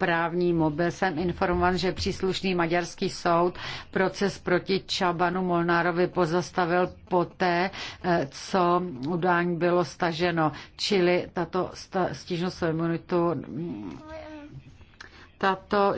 právní mobil. jsem informovan, že příslušný maďarský soud proces proti Čabanu Molnárovi pozastavil poté, eh, co udání bylo staženo. Čili tato stížnost o imunitu tato